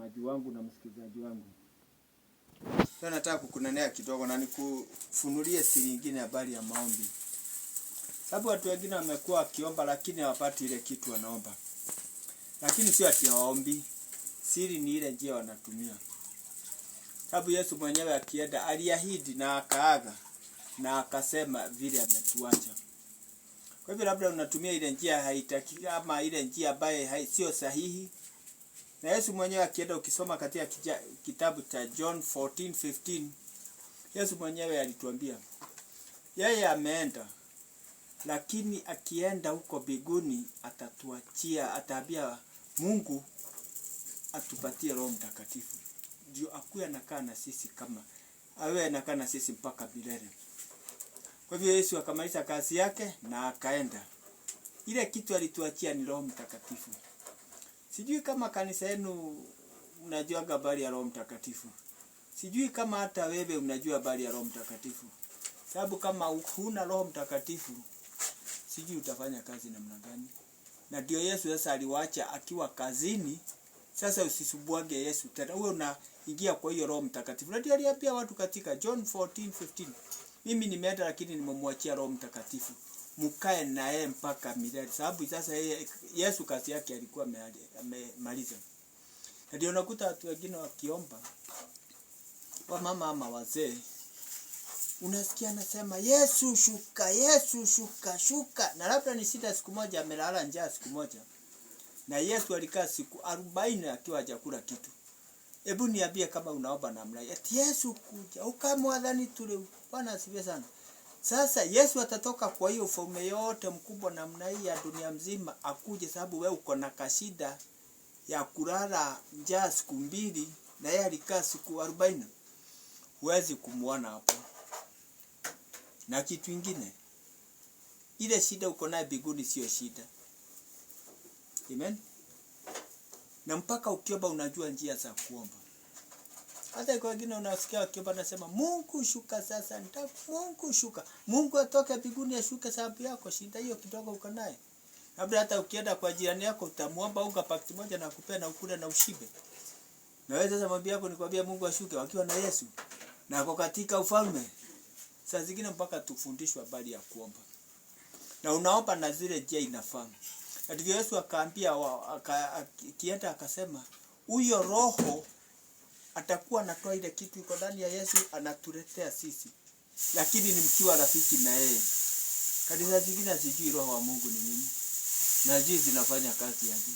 mtazamaji wangu na msikilizaji wangu. Leo nataka kukunanea kidogo na nikufunulie siri nyingine habari ya maombi, sababu watu wengine wamekuwa wakiomba lakini hawapati ile kitu wanaomba. Lakini sio ati hawaombi, siri ni ile njia wanatumia, sababu Yesu mwenyewe akienda aliahidi na akaaga na akasema vile ametuacha. Kwa hivyo labda unatumia ile njia haitaki, ama ile njia ambayo sio sahihi. Na Yesu mwenyewe akienda, ukisoma katika kitabu cha John 14:15 Yesu mwenyewe alituambia yeye ameenda, lakini akienda huko biguni atatuachia, ataambia Mungu atupatie Roho Mtakatifu ndio akuwe anakaa na sisi, kama awe anakaa na sisi mpaka milele. Kwa hivyo Yesu akamaliza kazi yake na akaenda. Ile kitu alituachia ni Roho Mtakatifu. Sijui kama kanisa yenu unajua habari ya Roho Mtakatifu. Sijui kama hata wewe unajua habari ya Roho Mtakatifu, sababu kama huna Roho Mtakatifu sijui utafanya kazi namna gani. Na ndio Yesu sasa aliwacha akiwa kazini. Sasa usisubuage Yesu tena, wewe unaingia kwa hiyo Roho Mtakatifu. ndio aliambia watu katika John 14:15 mimi nimeenda, lakini nimemwachia Roho Mtakatifu mkae na yeye mpaka milele, sababu sasa yeye Yesu kazi yake alikuwa amemaliza. Na ndio unakuta watu wengine wakiomba, mama ama wazee, unasikia anasema Yesu shuka, Yesu shuka, shuka, na labda ni sita, Siku moja amelala njaa siku moja, na Yesu alikaa siku arobaini akiwa hajakula kitu. Hebu niambie kama unaomba namna eti Yesu kuja ukamwadhani tule. Bwana asifiwe sana. Sasa Yesu atatoka kwa hiyo ufalme yote mkubwa namna hii ya dunia mzima akuje, sababu we uko na kashida ya kulala njaa siku mbili na yeye alikaa siku arobaini, huwezi kumuona hapo. Na kitu ingine, ile shida uko nayo biguni sio shida. Amen. Na mpaka ukiomba unajua njia za kuomba. Hata kwa wengine unasikia wakiomba nasema Mungu shuka sasa, nita Mungu shuka. Mungu atoke mbinguni ashuke sababu yako, shinda hiyo kidogo uko naye. Labda hata ukienda kwa jirani yako utamwomba unga pakiti moja na kupea na ukula na ushibe. Na wewe sasa mwambie hapo nikwambia Mungu ashuke wakiwa na Yesu. Na kwa katika ufalme. Saa zingine mpaka tufundishwe habari ya kuomba. Na unaomba na zile njia inafaa. Ndivyo Yesu akaambia akienda akasema huyo roho atakuwa anatoa ile kitu iko ndani ya Yesu anatuletea sisi, lakini ni mkiwa rafiki na yeye. Kanisa zingine hazijui roho wa Mungu ni nini, na jii zinafanya kazi aje.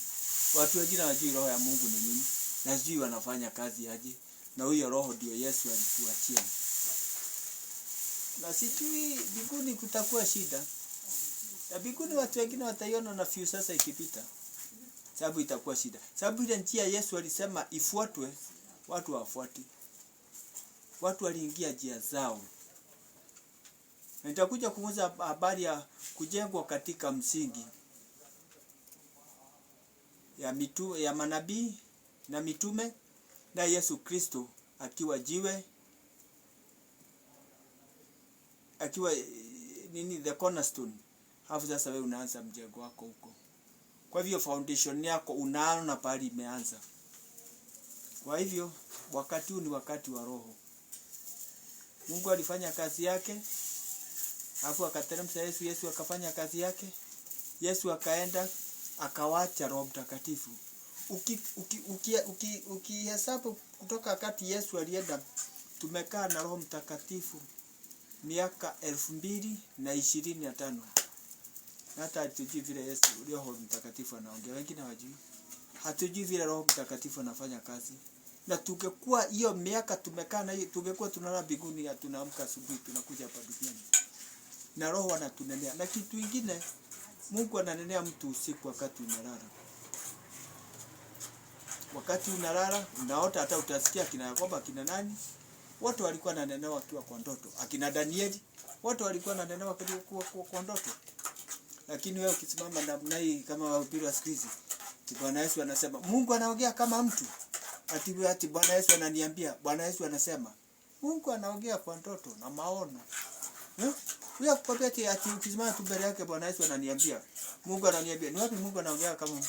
Watu wengine hawajui roho ya Mungu ni nini, na sijui wanafanya kazi aje, na huyo roho ndio Yesu alikuachia, Na sijui binguni kutakuwa shida, na binguni watu wengine wataiona na fiu sasa ikipita, sababu itakuwa shida, sababu ile njia Yesu alisema ifuatwe watu wafuati watu waliingia njia zao. Nitakuja kuuza habari ya kujengwa katika msingi ya, mitu, ya manabii na mitume na Yesu Kristo akiwa jiwe akiwa eh, nini the cornerstone. Hapo sasa wewe unaanza mjengo wako huko. Kwa hivyo foundation yako unaona pale imeanza. Kwa hivyo wakati huu ni wakati wa roho. Mungu alifanya kazi yake, alafu akateremsha Yesu. Yesu akafanya kazi yake, Yesu akaenda akawacha Roho Mtakatifu. Ukihesabu uki, uki, uki, uki, uki kutoka wakati Yesu alienda, tumekaa na Roho Mtakatifu miaka elfu mbili na ishirini na tano. Hata hatujui vile Yesu Roho Mtakatifu anaongea, wengine hawajui hatujui vile Roho Mtakatifu anafanya kazi, na tungekuwa hiyo miaka tumekaa na hiyo, tungekuwa tunalala mbinguni, tunaamka asubuhi, tunakuja hapa duniani na Roho anatunenea. Na kitu kingine, Mungu ananenea mtu usiku wakati unalala wakati unalala unaota, hata utasikia akina Yakoba akina nani wote walikuwa nanenewa wakiwa kwa ndoto, akina Danieli wote walikuwa nanenewa wakiwa kwa, kwa ndoto. Lakini wewe ukisimama namna hii kama wahubiri wa siku hizi Ati Bwana Yesu anasema, Mungu anaongea kama mtu ati ati Bwana Yesu ananiambia. Bwana Yesu anasema Mungu anaongea kwa ndoto na maono. Eh? Huyo akukwambia ati ukisimama tu mbele yake Bwana Yesu ananiambia. Mungu ananiambia. Ni wapi Mungu anaongea kama mtu?